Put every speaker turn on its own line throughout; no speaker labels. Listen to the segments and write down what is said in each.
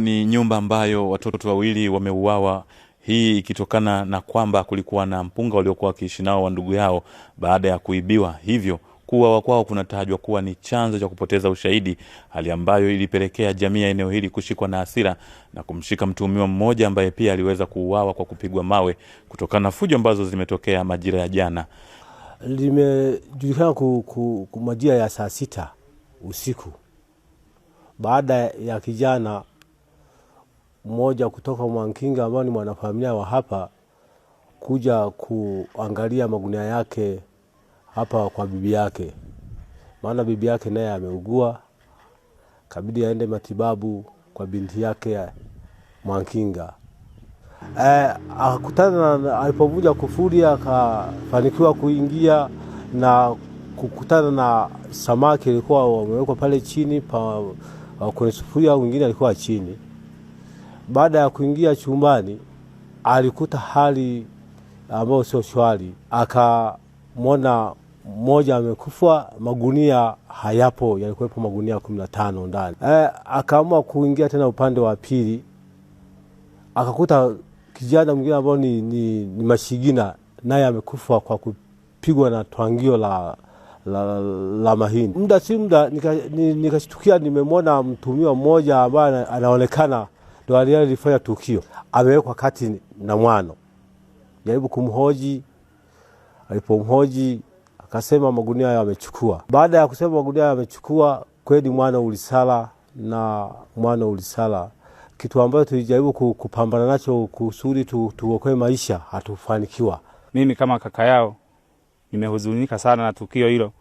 Ni nyumba ambayo watoto wawili wameuawa, hii ikitokana na kwamba kulikuwa na mpunga waliokuwa wakiishi nao wa ndugu yao baada ya kuibiwa, hivyo kuuawa kwao kunatajwa kuwa ni chanzo cha kupoteza ushahidi, hali ambayo ilipelekea jamii ya eneo hili kushikwa na hasira na kumshika mtuhumiwa mmoja ambaye pia aliweza kuuawa kwa kupigwa mawe kutokana na fujo ambazo zimetokea majira ya jana.
Limejulikana majira ya saa sita usiku baada ya kijana mmoja kutoka Mwankinga ambao ni mwanafamilia wa hapa kuja kuangalia magunia yake hapa kwa bibi yake, maana bibi yake naye ameugua, kabidi aende matibabu kwa binti yake ya Mwankinga. E, eh, akutana alipovuja kufuri akafanikiwa kuingia na kukutana na samaki alikuwa wamewekwa pale chini pa kwenye sufuria, wengine alikuwa chini baada ya kuingia chumbani alikuta hali ambayo sio shwari, akamwona mmoja amekufa, magunia hayapo, yalikuwepo magunia kumi na tano ndani. E, akaamua kuingia tena upande wa pili, akakuta kijana mwingine ambao ni, ni, ni Mashigina, naye amekufa kwa kupigwa na twangio la, la, la, la mahindi. Muda si muda nikashtukia nika nimemwona mtumiwa mmoja ambaye anaonekana ndo aliyelifanya tukio, amewekwa kati na mwano. Jaribu kumhoji, alipomhoji akasema magunia amechukua Baada ya kusema magunia amechukua kweli mwano ulisala na mwano ulisala kitu ambacho tulijaribu kupambana nacho kusudi tu, tuokoe maisha hatufanikiwa.
Mimi kama kaka yao nimehuzunika sana na tukio hilo.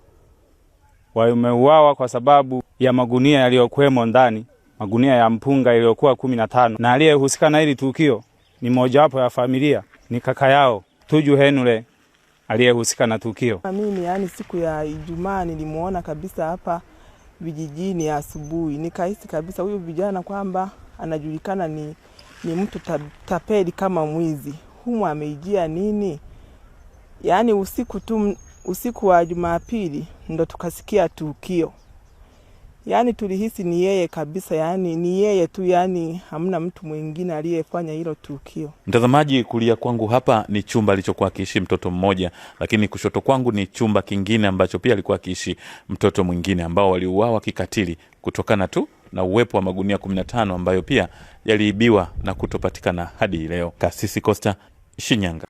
Wameuawa kwa sababu ya magunia yaliyokwemo ndani magunia ya mpunga iliyokuwa kumi na tano, na aliyehusika na hili tukio ni mojawapo ya familia, ni kaka yao Tuju Henule aliyehusika na tukio.
Mimi yani, siku ya Ijumaa nilimuona kabisa hapa vijijini asubuhi, nikahisi kabisa huyu vijana kwamba anajulikana ni, ni mtu tapeli kama mwizi. Humu ameijia nini? Yaani usiku tu, usiku wa Jumapili ndo tukasikia tukio yani tulihisi ni yeye kabisa, yani ni yeye tu, yani hamna mtu mwingine aliyefanya hilo tukio.
Mtazamaji, kulia kwangu hapa ni chumba alichokuwa akiishi mtoto mmoja, lakini kushoto kwangu ni chumba kingine ambacho pia alikuwa akiishi mtoto mwingine ambao waliuawa kikatili kutokana tu na uwepo wa magunia 15 ambayo pia yaliibiwa na kutopatikana hadi leo. Kasisi Costa, Shinyanga.